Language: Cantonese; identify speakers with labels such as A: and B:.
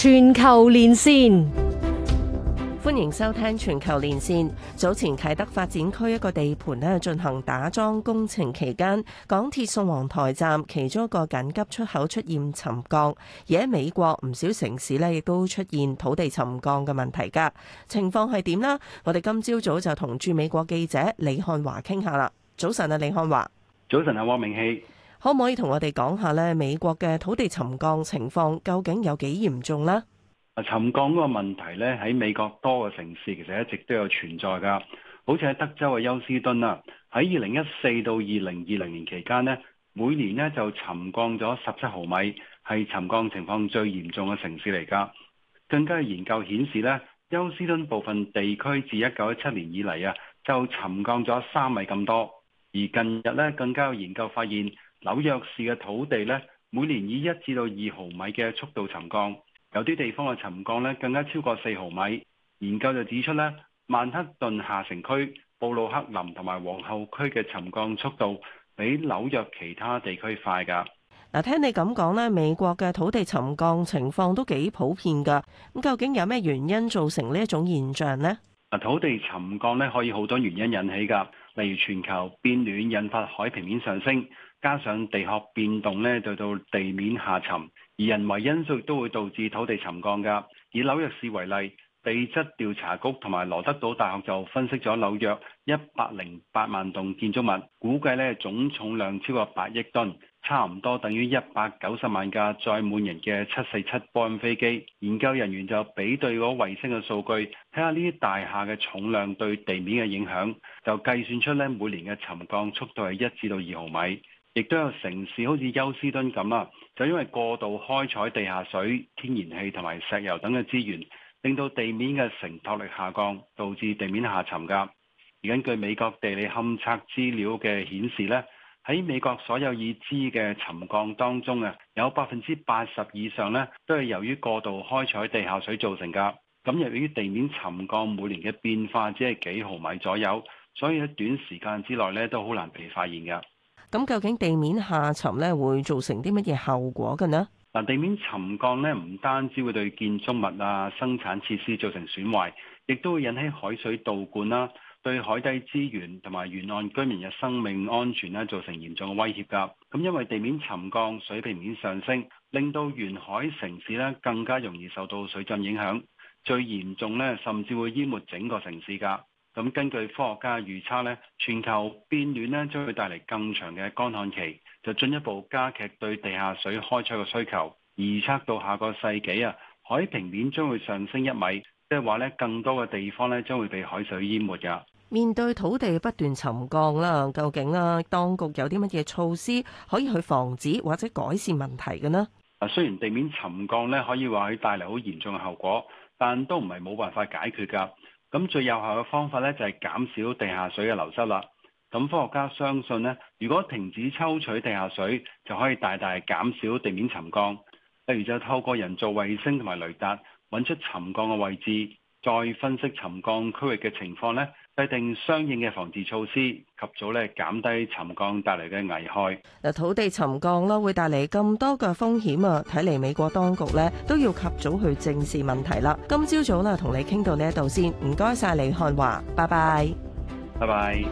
A: 全球連線，歡迎收聽全球連線。早前啟德發展區一個地盤呢進行打樁工程期間，港鐵宋皇台站其中一個緊急出口出現沉降。而喺美國唔少城市呢亦都出現土地沉降嘅問題噶，情況係點呢？我哋今朝早就同駐美國記者李漢華傾下啦。早晨啊，李漢華。
B: 早晨啊，汪溟曦。
A: 可唔可以同我哋講下咧，美國嘅土地沉降情況究竟有幾嚴重呢？
B: 啊，沉降嗰個問題咧，喺美國多個城市其實一直都有存在噶，好似喺德州嘅休斯敦啦，喺二零一四到二零二零年期間呢，每年呢就沉降咗十七毫米，係沉降情況最嚴重嘅城市嚟噶。更加研究顯示呢，休斯敦部分地區自一九一七年以嚟啊，就沉降咗三米咁多。而近日咧，更加有研究發現紐約市嘅土地咧，每年以一至到二毫米嘅速度沉降，有啲地方嘅沉降咧更加超過四毫米。研究就指出咧，曼克頓下城區、布魯克林同埋皇后區嘅沉降速度比紐約其他地區快噶。
A: 嗱，聽你咁講咧，美國嘅土地沉降情況都幾普遍噶。咁究竟有咩原因造成呢一種現象呢？
B: 嗱，土地沉降咧，可以好多原因引起㗎，例如全球變暖引發海平面上升，加上地殼變動咧導致地面下沉，而人為因素都會導致土地沉降㗎。以紐約市為例，地質調查局同埋羅德島大學就分析咗紐約一百零八萬棟建築物，估計咧總重量超過八億噸。差唔多等於一百九十萬架載滿人嘅七四七波音飛機，研究人員就比對嗰衛星嘅數據，睇下呢啲大廈嘅重量對地面嘅影響，就計算出咧每年嘅沉降速度係一至到二毫米。亦都有城市好似休斯敦咁啦，就因為過度開採地下水、天然氣同埋石油等嘅資源，令到地面嘅承托力下降，導致地面下沉㗎。而根據美國地理勘測資料嘅顯示呢。喺美國所有已知嘅沉降當中啊，有百分之八十以上呢都係由於過度開採地下水造成㗎。咁由於地面沉降每年嘅變化只係幾毫米左右，所以喺短時間之內呢都好難被發現㗎。
A: 咁究竟地面下沉呢會造成啲乜嘢後果嘅呢？
B: 嗱，地面沉降呢唔單止會對建築物啊、生產設施造成損壞，亦都會引起海水倒灌啦。對海底資源同埋沿岸居民嘅生命安全呢，造成嚴重嘅威脅㗎。咁因為地面沉降，水平面上升，令到沿海城市呢更加容易受到水浸影響。最嚴重呢，甚至會淹沒整個城市㗎。咁根據科學家預測呢，全球變暖呢將會帶嚟更長嘅乾旱期，就進一步加劇對地下水開採嘅需求。預測到下個世紀啊，海平面將會上升一米。即係話咧，更多嘅地方咧，將會被海水淹沒噶。
A: 面對土地不斷沉降啦，究竟啊，當局有啲乜嘢措施可以去防止或者改善問題嘅呢？
B: 啊，雖然地面沉降咧，可以話佢帶嚟好嚴重嘅後果，但都唔係冇辦法解決噶。咁最有效嘅方法咧，就係減少地下水嘅流失啦。咁科學家相信咧，如果停止抽取地下水，就可以大大減少地面沉降。例如就透過人造衛星同埋雷達。搵出沉降嘅位置，再分析沉降區域嘅情況，呢制定相應嘅防治措施，及早咧減低沉降帶嚟嘅危害。
A: 嗱，土地沉降啦，會帶嚟咁多嘅風險啊！睇嚟美國當局咧都要及早去正視問題啦。今朝早啦，同你傾到呢一度先，唔該晒。李漢華，拜拜，
B: 拜拜。